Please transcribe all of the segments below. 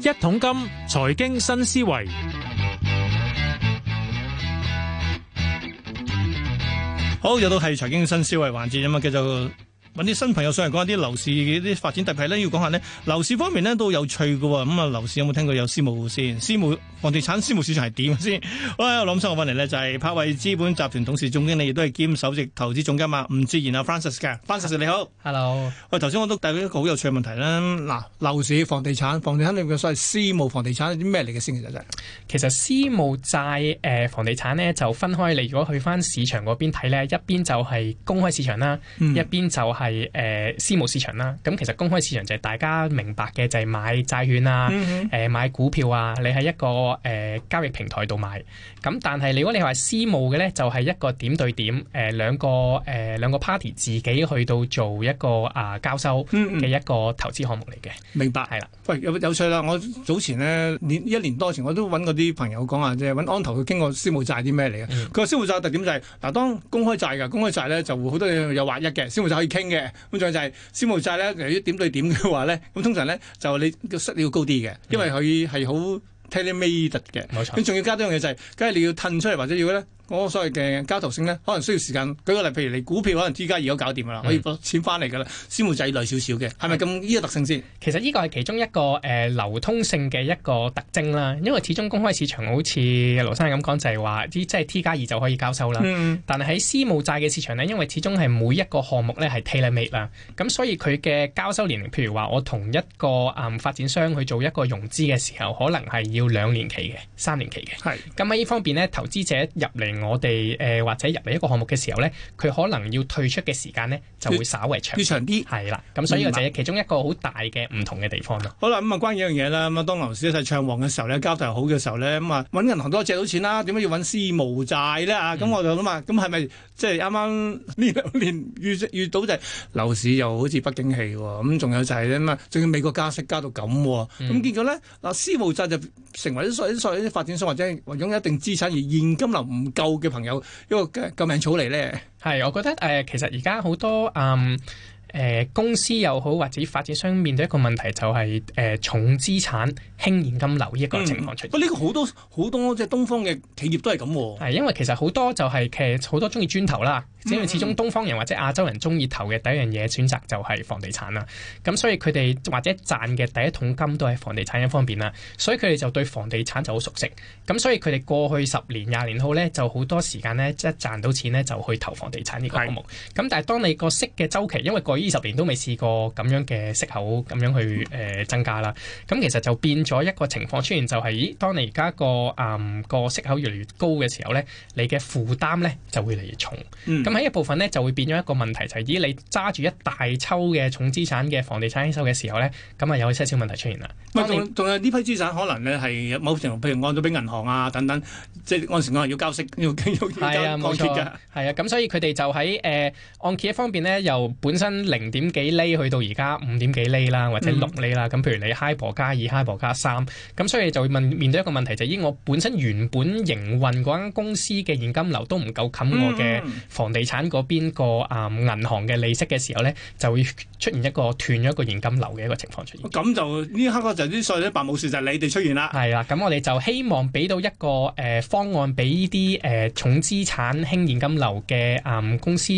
一桶金財經新思維，好，又到係財經新思維環節啊，繼續。啲新朋友上嚟講一下啲樓市啲發展特別咧，要講下呢樓市方面呢，都有趣㗎喎，咁、嗯、啊，樓市有冇聽過有私募先？私募房地產私募市場係點先？ 好，我諗先，我揾嚟呢，就係柏衛資本集團董事總經理，亦都係兼首席投資總監啊，吳旨賢啊，Francis 嘅，Francis 你好。Hello。喂，頭先我都帶咗一個好有趣嘅問題啦。嗱，樓市、房地產、房地產裏面嘅所謂私募房地產係啲咩嚟嘅先？其實其實私募債、呃、房地產呢，就分開嚟。如果去翻市場嗰邊睇呢，一邊就係公開市場啦，一邊就。嗯係誒、呃、私募市場啦，咁、嗯、其實公開市場就係大家明白嘅，就係、是、買債券啊，誒、嗯嗯呃、買股票啊。你喺一個誒、呃、交易平台度買，咁、嗯、但係如果你話私募嘅咧，就係、是、一個點對點誒兩、呃、個誒兩、呃、個 party 自己去到做一個啊、呃、交收嘅一個投資項目嚟嘅、嗯嗯。明白係啦。喂，有有趣啦！我早前咧年一年多前，我都揾過啲朋友講下啫，揾安投去傾過私募債啲咩嚟嘅。佢、嗯、話私募債特點就係、是、嗱，當公開債㗎，公開債咧就會好多嘢有劃一嘅。私募債可以傾。嘅，咁仲有就係私募債咧，由於點對點嘅話咧，咁通常咧就你個息要高啲嘅，因為佢係好 tailor-made 嘅，冇錯。咁仲要加多樣嘢就係、是，梗係你要褪出嚟或者要咧。我所謂嘅交投性咧，可能需要時間。舉個例，譬如你股票，可能 T 加二都搞掂噶啦，可以攞錢翻嚟噶啦。私募債耐少少嘅，係咪咁？呢、呢個特性先。其實呢個係其中一個、呃、流通性嘅一個特徵啦，因為始終公開市場好似盧生咁講就係話啲即係 T 加二就可以交收啦。嗯、但係喺私募債嘅市場咧，因為始終係每一個項目咧係 tailor made 啦，咁所以佢嘅交收年齡，譬如話我同一個發、呃、發展商去做一個融資嘅時候，可能係要兩年期嘅、三年期嘅。咁喺呢方面咧，投資者入嚟。我哋誒、呃、或者入嚟一個項目嘅時候咧，佢可能要退出嘅時間呢，就會稍微長啲，係啦。咁所以就係其中一個好大嘅唔同嘅地方咯、嗯嗯。好啦，咁、嗯、啊關於一樣嘢啦。咁啊，當樓市一齊暢旺嘅時候咧，交投好嘅時候咧，咁啊揾銀行都借到錢啦。點解要揾私募債咧？啊、嗯，咁我就諗啊，咁係咪即係啱啱呢兩年遇遇到就樓市又好似不景氣喎？咁、嗯、仲有就係咧嘛？仲要美國加息加到咁，咁、嗯、結果咧嗱私募債就成為咗所所有啲發展商或者係擁有一定資產而現金流唔夠。嘅朋友，一個救命草嚟咧，係，我覺得誒、呃，其實而家好多誒、嗯呃，公司又好或者發展商面對一個問題，就是，就係誒重資產輕現金流呢一個情況出現。不、嗯、呢個好多好多即係東方嘅企業都係咁、啊，係因為其實好多就係、是、其實好多中意磚頭啦。因為始終東方人或者亞洲人鍾意投嘅第一樣嘢選擇就係房地產啦，咁所以佢哋或者賺嘅第一桶金都係房地產一方面啦，所以佢哋就對房地產就好熟悉，咁所以佢哋過去十年廿年後咧，就好多時間咧一賺到錢咧就去投房地產呢個項目，咁但係當你個息嘅週期，因為過去二十年都未試過咁樣嘅息口咁樣去誒、呃、增加啦，咁其實就變咗一個情況出現、就係，就係咦，當你而家、那個誒個、呃、息口越嚟越高嘅時候咧，你嘅負擔咧就越嚟越重。嗯咁喺一部分咧就會變咗一個問題，就係、是、依你揸住一大抽嘅重資產嘅房地產收嘅時候咧，咁啊有少少問題出現啦。唔係，仲仲有呢批資產可能咧係某程度譬如按咗俾銀行啊等等，即係按時按日要交息，要要、啊的啊呃、按揭嘅。係啊，冇錯。係啊，咁所以佢哋就喺誒按揭方面咧，由本身零點幾厘去到而家五點幾厘啦，或者六厘啦。咁、嗯、譬如你 HIBOR 加二，HIBOR 加三，咁所以就會面面對一個問題，就係、是、依我本身原本營運嗰間公司嘅現金流都唔夠冚我嘅房地、嗯。地產嗰邊個誒銀行嘅利息嘅時候咧，就會出現一個斷咗一個現金流嘅一個情況出現。咁就呢刻就啲所謂啲白武士，就你哋出現啦。係啦，咁我哋就希望俾到一個誒、呃、方案俾呢啲誒重資產輕現金流嘅誒、呃、公司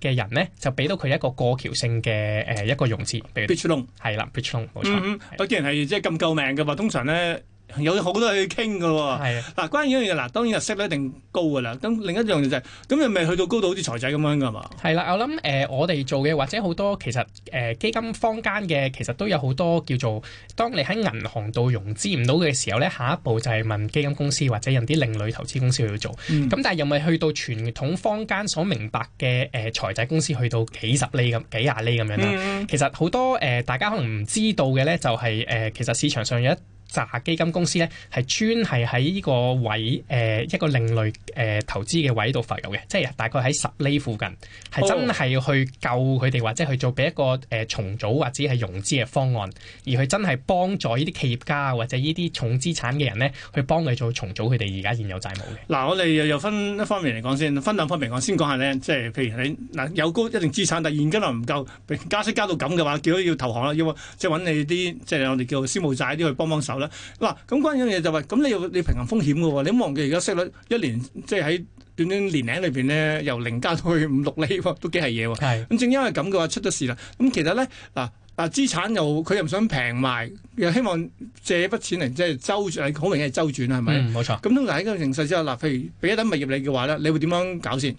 嘅人咧，就俾到佢一個過橋性嘅誒、呃、一個融資，譬如 bridge loan 係啦 bridge loan 冇錯。嗯,嗯既然係即係咁救命嘅話，通常咧。有好多嘢傾嘅喎，嗱，關於呢樣嘢，嗱，當然係息率一定高嘅啦。咁另一樣嘢就係、是，咁又咪去到高度好似財仔咁樣嘅嘛？係啦，我諗誒、呃，我哋做嘅或者好多其實誒、呃、基金坊間嘅，其實都有好多叫做，當你喺銀行度融資唔到嘅時候咧，下一步就係問基金公司或者人啲另類投資公司去做。咁、嗯、但係又咪去到傳統坊間所明白嘅誒、呃、財仔公司去到幾十厘咁幾廿厘咁樣啦。嗯嗯，其實好多誒、呃、大家可能唔知道嘅咧，就係、是、誒、呃、其實市場上有一債基金公司咧，係專係喺呢個位誒、呃、一個另類誒、呃、投資嘅位度浮遊嘅，即係大概喺十厘附近，係、oh. 真係去救佢哋或者去做俾一個誒、呃、重組或者係融資嘅方案，而佢真係幫助呢啲企業家或者呢啲重資產嘅人咧，去幫佢做重組佢哋而家現有債務嘅。嗱、啊，我哋又又分一方面嚟講先，分兩方面嚟講，先講下咧，即係譬如你嗱有高一定資產，但係現金量唔夠，加息加到咁嘅話，叫好要投行啦，要找即係揾你啲即係我哋叫私募債啲去幫幫手。嗱、啊，咁關於一樣嘢就係、是，咁你又你要平衡風險嘅喎，你忘記而家息率一年即係喺短短年零裏邊咧，由零加到去五六厘喎，都幾係嘢喎。咁正因為咁嘅話出咗事啦。咁其實咧，嗱、啊、嗱、啊、資產又佢又唔想平賣，又希望借筆錢嚟即係週轉，好明顯係周轉啦，係、嗯、咪？冇錯。咁通常喺呢個形勢之下，嗱、啊，譬如俾一等物業你嘅話咧，你會點樣搞先？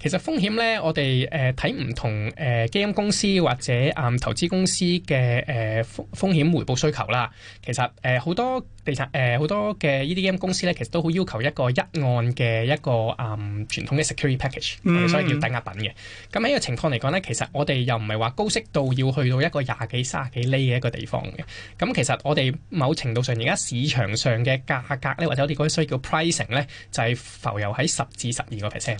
其實風險咧，我哋誒睇唔同誒、呃、基因公司或者誒、嗯、投資公司嘅誒、呃、風風險回報需求啦。其實誒好、呃、多地產誒好、呃、多嘅 E D M 公司咧，其實都好要求一個一按嘅一個誒傳、呃、統嘅 security package，我哋所以叫抵押品嘅。咁喺呢個情況嚟講咧，其實我哋又唔係話高息度要去到一個廿幾、卅幾厘嘅一個地方嘅。咁其實我哋某程度上而家市場上嘅價格咧，或者我哋嗰啲需要叫 pricing 咧，就係、是、浮游喺十至十二個 percent。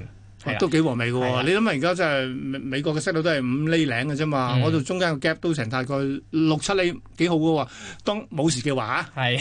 都幾和味喎、啊，你諗下而家真係美國嘅息率都係五厘零嘅啫嘛，嗯、我度中間嘅 gap 都成大概六七厘，幾好嘅喎、啊。當冇事嘅話，係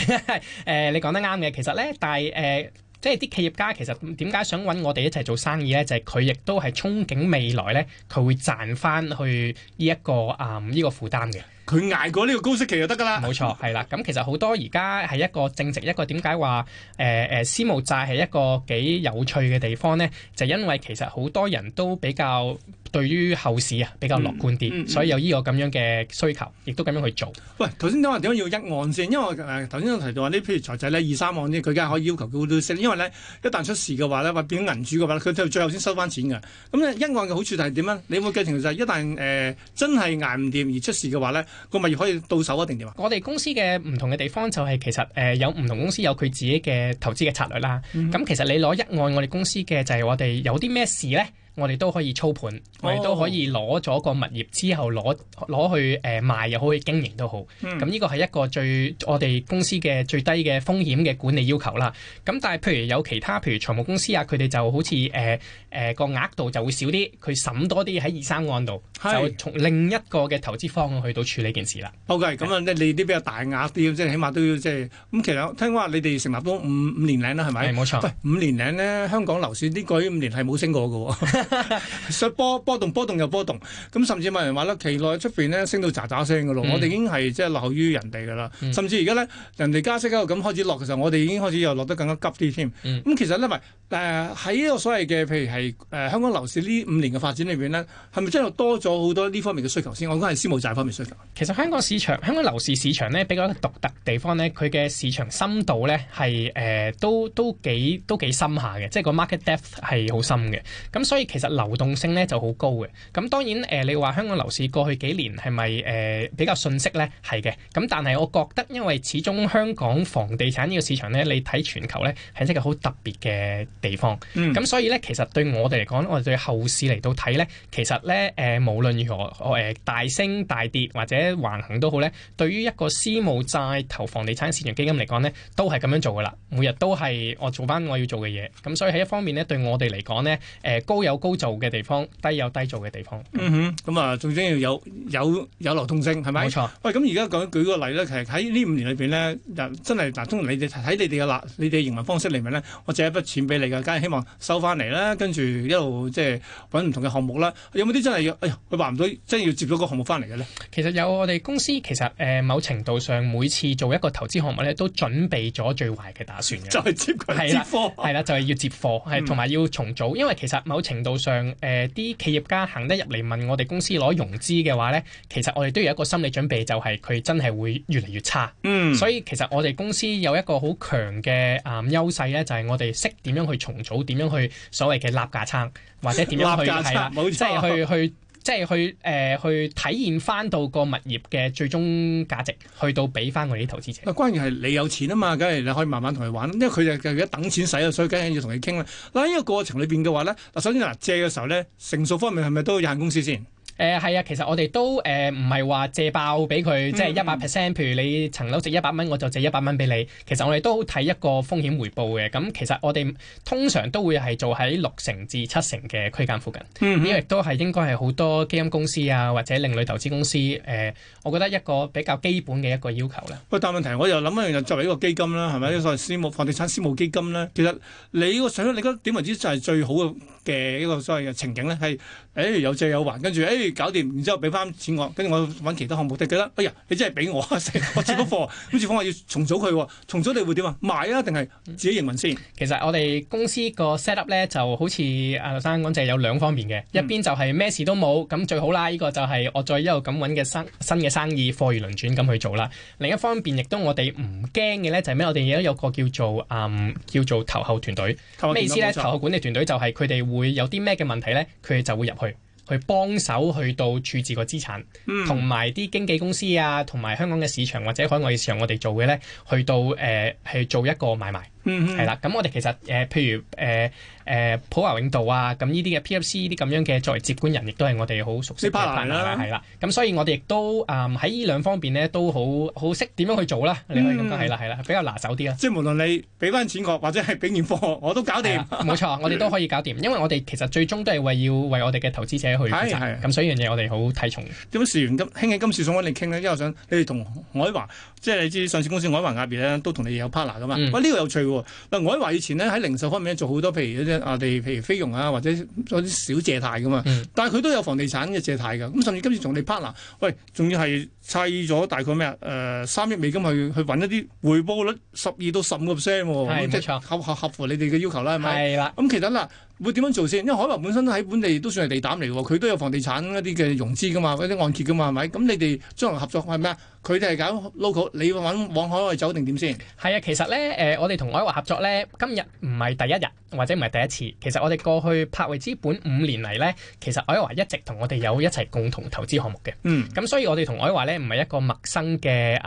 你講得啱嘅。其實咧，但係、呃、即係啲企業家其實點解想揾我哋一齊做生意咧？就係佢亦都係憧憬未來咧，佢會賺翻去呢、呢、一個啊依、嗯呢個負擔嘅。佢捱過呢個高息期就得噶啦，冇錯，係啦。咁其實好多而家係一個正值一個點解話誒誒私募債係一個幾有趣嘅地方咧，就因為其實好多人都比較。對於後市啊，比較樂觀啲、嗯嗯嗯，所以有呢個咁樣嘅需求，亦都咁樣去做。喂，頭先點解點解要一案先？因為誒頭先我提到話，你譬如財仔咧二三案呢，佢梗係可以要求佢好多息，因為咧一旦出事嘅話咧，變咗銀主嘅話咧，佢到最後先收翻錢嘅。咁咧一案嘅好處就係點咧？你會記住就係、是、一旦誒、呃、真係捱唔掂而出事嘅話咧，個物業可以到手一定點啊？我哋公司嘅唔同嘅地方就係其實誒、呃、有唔同公司有佢自己嘅投資嘅策略啦。咁、嗯、其實你攞一案，我哋公司嘅就係、是、我哋有啲咩事咧？我哋都可以操盤，哦、我哋都可以攞咗個物業之後攞攞去誒、呃、賣又好，去經營都好。咁、嗯、呢個係一個最我哋公司嘅最低嘅風險嘅管理要求啦。咁但係譬如有其他，譬如財務公司啊，佢哋就好似誒誒個額度就會少啲，佢審多啲喺二三案度，就從另一個嘅投資方向去到處理件事啦。OK，咁啊，你啲比較大額啲即係，起碼都要即、就、係、係。咁其實聽話你哋成立都五五年零啦，係咪？係冇錯。五年零咧，香港樓市呢個五年係冇升過嘅。 上 波波動波動又波動，咁甚至冇人話啦，期內出邊咧升到喳喳聲噶咯，我哋已經係即係落後於人哋噶啦，甚至而家咧，人哋加息嗰度咁開始落嘅時候，我哋已經開始又落得更加急啲添。咁、嗯、其實咧咪誒喺呢、呃、個所謂嘅，譬如係誒香港樓市呢五年嘅發展裏邊咧，係咪真係多咗好多呢方面嘅需求先？我講係私募債方面的需求。其實香港市場，香港樓市市場咧比較獨特的地方咧，佢嘅市場深度咧係誒都都幾都幾深下嘅，即、就、係、是、個 market depth 係好深嘅，咁所以。其實流動性咧就好高嘅，咁當然、呃、你話香港樓市過去幾年係咪、呃、比較遜色呢？係嘅，咁但係我覺得因為始終香港房地產呢個市場咧，你睇全球咧係一個好特別嘅地方，咁、嗯、所以咧其實對我哋嚟講，我哋對後市嚟到睇咧，其實咧誒、呃、無論如何、呃、大升大跌或者橫行都好咧，對於一個私募債投房地產市場基金嚟講咧，都係咁樣做㗎啦，每日都係我做翻我要做嘅嘢，咁所以喺一方面咧，對我哋嚟講咧誒高有高做嘅地方，低有低做嘅地方。嗯哼，咁、嗯、啊，最、嗯、緊要有有有流通性，係咪？冇錯。喂、哎，咁而家講舉個例咧，其實喺呢五年裏邊咧，真係嗱，通常你哋睇你哋嘅立你哋嘅營運方式裏面咧，我借一筆錢俾你嘅，梗係希望收翻嚟啦，跟住一路即係揾唔同嘅項目啦。有冇啲真係哎呀，佢話唔到，真係要接咗個項目翻嚟嘅咧？其實有我哋公司其實誒、呃、某程度上，每次做一個投資項目咧，都準備咗最壞嘅打算嘅，就係、是、接佢接貨，係啦，就係、是、要接貨，係同埋要重組，因為其實某程度。上誒啲、呃、企業家行得入嚟問我哋公司攞融資嘅話咧，其實我哋都有一個心理準備，就係、是、佢真係會越嚟越差。嗯，所以其實我哋公司有一個好強嘅啊、呃、優勢咧，就係、是、我哋識點樣去重組，點樣去所謂嘅立架撐，或者點樣去係啦，即係去去。去即係去誒、呃、去體現翻到個物業嘅最終價值，去到俾翻我哋啲投資者。關鍵係你有錢啊嘛，梗係你可以慢慢同佢玩，因為佢就而家等錢使啊，所以梗係要同佢傾啦。嗱，呢個過程裏邊嘅話咧，嗱，首先嗱借嘅時候咧，成數方面係咪都有限公司先？誒、呃、係啊，其實我哋都誒唔係話借爆俾佢，嗯，即係一百 percent。譬如你層樓值一百蚊，我就借一百蚊俾你。其實我哋都睇一個風險回報嘅。咁其實我哋通常都會係做喺六成至七成嘅區間附近。咁、嗯、亦都係應該係好多基金公司啊，或者另類投資公司誒、呃，我覺得一個比較基本嘅一個要求啦。喂，但係問題我又諗一樣嘢，作為一個基金啦，係咪所謂私募房地產私募基金咧？其實你個想，你覺得點為之就係最好嘅嘅一個所謂嘅情景咧？係誒、哎、有借有還，跟住搞掂，然之後俾翻錢我，跟住我揾其他項目。突然覺得哎呀，你真係俾我 我接咗貨，咁接貨我要重組佢，重組你會點啊？賣啊，定係自己營運先？其實我哋公司個 set up 咧，就好似阿劉生講，就係有兩方面嘅，嗯。一邊就係咩事都冇，咁最好啦。呢，這個就係我再一路咁揾嘅新新嘅生意，貨如輪轉咁去做啦。另一方面，亦都我哋唔驚嘅咧，就係咩？我哋亦都有個叫做、嗯、叫做投後團隊。咩意思咧？投後管理團隊就係佢哋會有啲咩嘅問題咧，佢就會入去。去幫手去到處置個資產，同埋啲經紀公司啊，同埋香港嘅市場或者海外嘅市場，我哋做嘅咧，去到誒、呃、去做一個買賣。嗯，係啦，咁我哋其實誒、呃，譬如誒誒、呃、普華永道啊，咁呢啲嘅 PFC 呢啲咁樣嘅作為接管人，亦都係我哋好熟悉嘅 partner 啦，咁所以我哋亦都誒喺呢兩方面咧，都好好識點樣去做啦，你可以咁講，係啦係啦，比較拿手啲啦。即係無論你俾翻錢我，或者係俾現貨，我都搞掂。冇錯， 我哋都可以搞掂，因為我哋其實最終都係為要為我哋嘅投資者去負責，咁所以樣嘢我哋好睇重。點算？咁興起今次，想揾你傾咧，因為我想你哋同海華，即係你知上市公司海華嗰邊咧，都同你哋有 partner 噶嘛、嗯。哇，呢、呢個有趣。嗱，我喺華爾以前咧喺零售方面咧做好多，譬如嗰啲啊，亞地譬如菲傭啊，或者做啲小借貸噶嘛。嗯、但係佢都有房地產嘅借貸噶，咁甚至今次仲嚟 partner，喂，仲要係砌咗大概咩啊？誒、呃，三億美金去去揾一啲回報率十二到十五個 percent，合合合乎你哋嘅要求啦，係咪？係啦。咁、嗯、其他嗱。會點樣做先？因為海華本身喺本地都算係地膽嚟喎，佢都有房地產一啲嘅融資噶嘛，嗰啲按揭噶嘛，係咪？咁你哋將來合作係咩？佢哋係搞 local，你揾往海外走定點先？係啊，其實咧，誒、呃，我哋同海華合作咧，今日唔係第一日或者唔係第一次。其實我哋過去柏衛資本五年嚟咧，其實海華一直同我哋有一齊共同投資項目嘅。嗯。咁所以我哋同海華咧唔係一個陌生嘅嘅、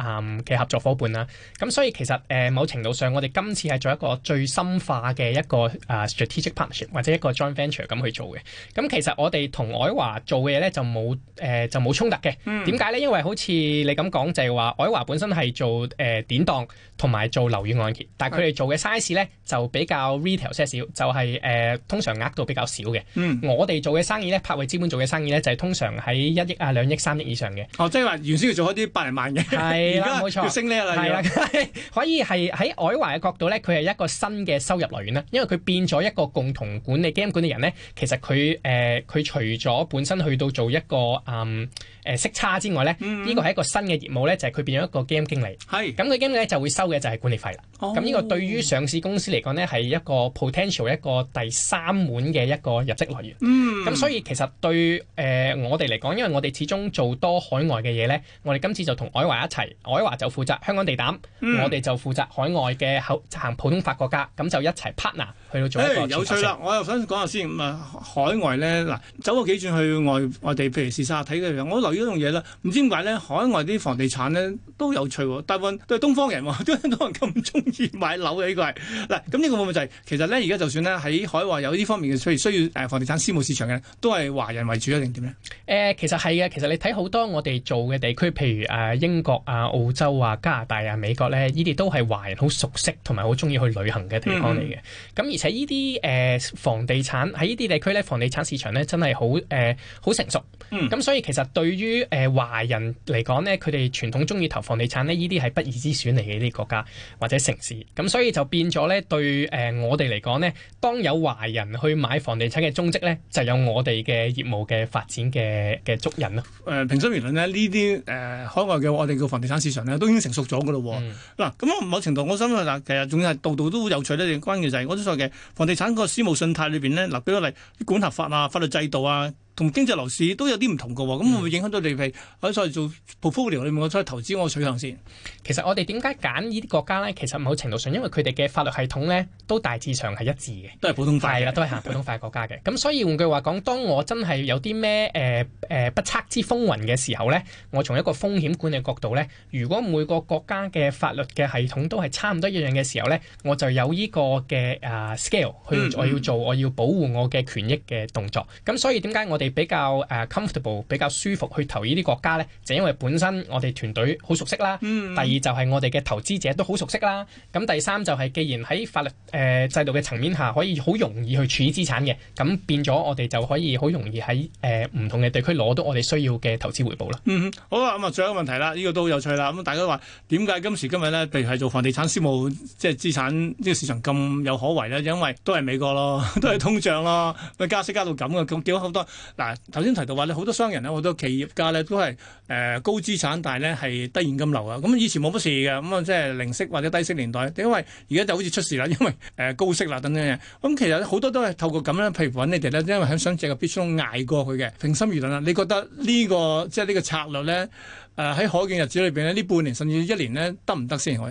嗯、合作伙伴啦。咁所以其實誒、呃、某程度上，我哋今次係做一個最深化嘅一個誒、啊、strategic partnership。即係一個 joint venture 咁去做嘅，咁其實我哋同靄華做嘅嘢咧就冇誒、呃、就冇衝突嘅。點解咧？因為好似你咁講就係話靄華本身係做誒、呃、典當同埋做樓宇按揭，但係佢哋做嘅 size 咧就比較 retail 些少，就係、是、誒、呃、通常額度比較少嘅、嗯。我哋做嘅生意咧，柏衛資本做嘅生意咧就係、是、通常喺一億啊兩億三億以上嘅。哦，即係話原先要做一啲百零萬嘅，係啦，冇錯。要升呢啦，係啦， 可以係喺靄華嘅角度咧，佢係一個新嘅收入來源啦，因為佢變咗一個共同管理管理 game 管理人咧，其實佢誒佢除咗本身去到做一個誒。嗯誒息差之外咧，呢個係一個新嘅業務咧，就係佢變咗一個 game 經理。係咁，佢 game 咧就會收嘅就係管理費啦。咁呢個對於上市公司嚟講咧，係一個 potential 一個第三門嘅一個入職來源。嗯。咁所以其實對誒我哋嚟講，因為我哋始終做多海外嘅嘢咧，我哋今次就同愛華一齊，愛華就負責香港地膽，我哋就負責海外嘅口行普通法國家，咁就一齊 partner 去到做一個。誒有趣啦！我又想講下先咁啊，海外咧嗱，走過幾轉去外外地，譬如試下睇佢，我留。種呢樣嘢啦，唔知點解咧？海外啲房地產咧都有趣喎，哦，大部分都係東方人喎，點解多人咁中意買樓嘅，啊。呢，這個係嗱，咁呢個問題就係，是，其實咧，而家就算咧喺海外有呢方面嘅需需要房地產私募市場嘅，都係華人為主一定點咧？其實係啊，其實你睇好多我哋做嘅地區，譬如，啊，英國啊、澳洲啊、加拿大啊、美國咧，呢啲都係華人好熟悉同埋好中意去旅行嘅地方嚟嘅。咁，嗯，而且呢啲，呃，房地產喺呢啲地區咧，房地產市場咧真係好好成熟。咁，嗯，所以其實對於於誒華人嚟講呢，佢哋傳統中意投房地產咧，呢啲係不二之選嚟嘅呢啲國家或者城市，咁所以就變咗呢對誒我哋嚟講呢，當有華人去買房地產嘅蹤跡呢，就有我哋嘅業務嘅發展嘅嘅足印咯。誒、呃，平心而論咧，呢啲誒海外嘅我哋嘅房地產市場呢都已經成熟咗噶咯。嗱、嗯、咁、啊、某程度我想信，嗱，其實仲係度度都好有趣咧。關鍵就係、是、我啲所謂嘅房地產個私募信貸裏邊呢，嗱舉個例，管合法啊，法律制度啊。同經濟樓市都有啲唔同嘅喎，咁會唔會影響到你哋？譬如皮？我再做 portfolio，你問我再投資我個水塘先。其實我哋點解揀呢啲國家咧？其實某程度上，因為佢哋嘅法律系統咧都大致上係一致嘅，都係普通法，係啦，都係行普通法國家嘅。咁 所以換句話講，當我真係有啲咩誒誒不測之風雲嘅時候咧，我從一個風險管理角度咧，如果每個國家嘅法律嘅系統都係差唔多一樣嘅時候咧，我就有呢個嘅啊 scale 去我要做我要保護我嘅權益嘅動作。咁、嗯、所以點解我哋比較誒 comfortable 比較舒服去投呢啲國家咧，就係，因為本身我哋團隊好熟悉啦。第二就係我哋嘅投資者都好熟悉啦。咁第三就係既然喺法律誒、呃、制度嘅層面下可以好容易去儲資產嘅，咁變咗我哋就可以好容易喺誒唔同嘅地區攞到我哋需要嘅投資回報啦。嗯，好啊，咁啊，最後一個問題啦，呢、呢個都有趣啦。咁大家話點解今時今日咧，譬如係做房地產、私募即係資產呢個市場咁有可為咧？因為都係美國咯，都係通脹咯，加息加到咁嘅，咁跌咗好多。嗱、啊，頭先提到話咧，好多商人咧，好多企業家咧，都係誒、呃、高資產，但咧係低現金流啊。咁以前冇乜事嘅，咁、嗯、啊即係零息或者低息年代。因為而家就好似出事啦，因為誒、呃、高息啦等等嘢。咁、嗯、其實好多都係透過咁樣，譬如揾你哋咧，因為想借個必須中捱過去嘅。平心而論啦，你覺得呢、這個即係呢個策略咧，誒、呃、喺可見日子裏面呢呢半年甚至一年咧得唔得先？我？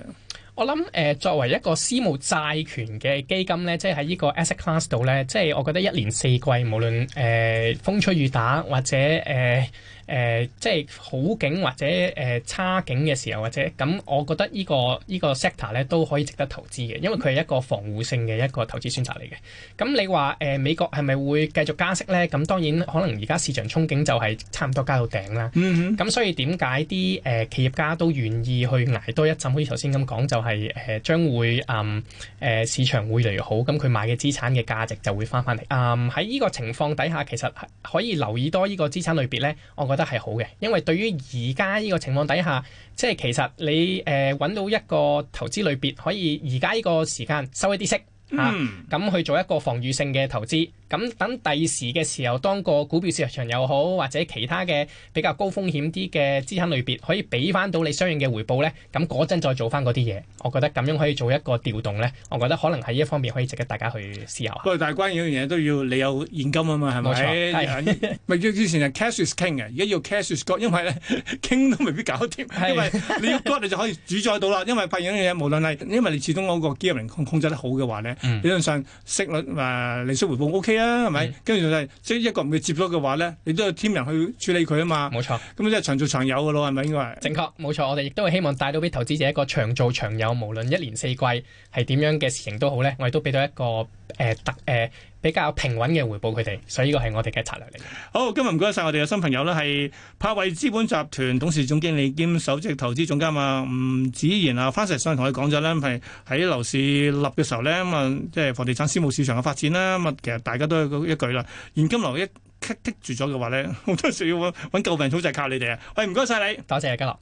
我諗誒、呃、作為一個私募債權嘅基金咧，即係喺呢個 asset class 度咧，即係我覺得一年四季無論誒、呃、風吹雨打或者誒、呃誒、呃，即係好景或者、呃、差景嘅時候，或者咁，我覺得呢、這個呢、這個 sector 咧都可以值得投資嘅，因為佢係一個防護性嘅一個投資選擇嚟嘅。咁你話、呃、美國係咪會繼續加息咧？咁當然可能而家市場憧憬就係差唔多加到頂啦。咁、嗯、所以點解啲企業家都願意去挨多一陣？好似頭先咁講，就係、是、將、呃、會、呃呃、市場會越嚟越好，咁佢買嘅資產嘅價值就會翻翻嚟。喺、呃、呢個情況底下，其實可以留意多呢個資產類別咧。我覺得覺得係好嘅，因為對於而家呢個情況底下，即係其實你誒揾、呃、到一個投資類別，可以而家呢個時間收一啲息。嚇、嗯，咁、啊、去做一個防禦性嘅投資，咁等第時嘅時候，當個股票市場又好，或者其他嘅比較高風險啲嘅資產類別可以俾翻到你相應嘅回報咧，咁嗰陣再做翻嗰啲嘢，我覺得咁樣可以做一個調動咧，我覺得可能喺呢一方面可以值得大家去思考下。不過，但係關於樣嘢都要你有現金啊嘛，係咪？冇錯，係咪？之 前係 cash is king 嘅，而家要 cash is God 因為咧 King 都未必搞掂，因為你要 God 你就可以主宰到啦。因為發現一樣嘢，無論係因為你始終嗰個 gearing 控控制得好嘅話咧。理論上息率誒利息回報 OK 啊，係咪？跟住就係即係一個唔會接觸嘅話咧，你都要添人去處理佢啊嘛。冇錯，咁即係長做長有噶咯，係咪應該係？正確，冇錯。我哋亦都係希望帶到俾投資者一個長做長有，無論一年四季係點樣嘅事情都好咧，我哋都俾到一個誒、呃、特誒。呃比較平穩嘅回報佢哋，所以呢個係我哋嘅策略嚟。好，今日唔該晒我哋嘅新朋友咧，係柏衛資本集團董事總經理兼首席投資總監啊，吳旨賢啊，翻石上同佢講咗咧，係喺樓市立嘅時候咧，咁啊，即係房地產私募市場嘅發展啦，咁啊，其實大家都係一句啦，現金流一棘棘住咗嘅話咧，好多時要揾救命草就靠你哋啊。喂，唔該晒你，多謝啊，嘉樂。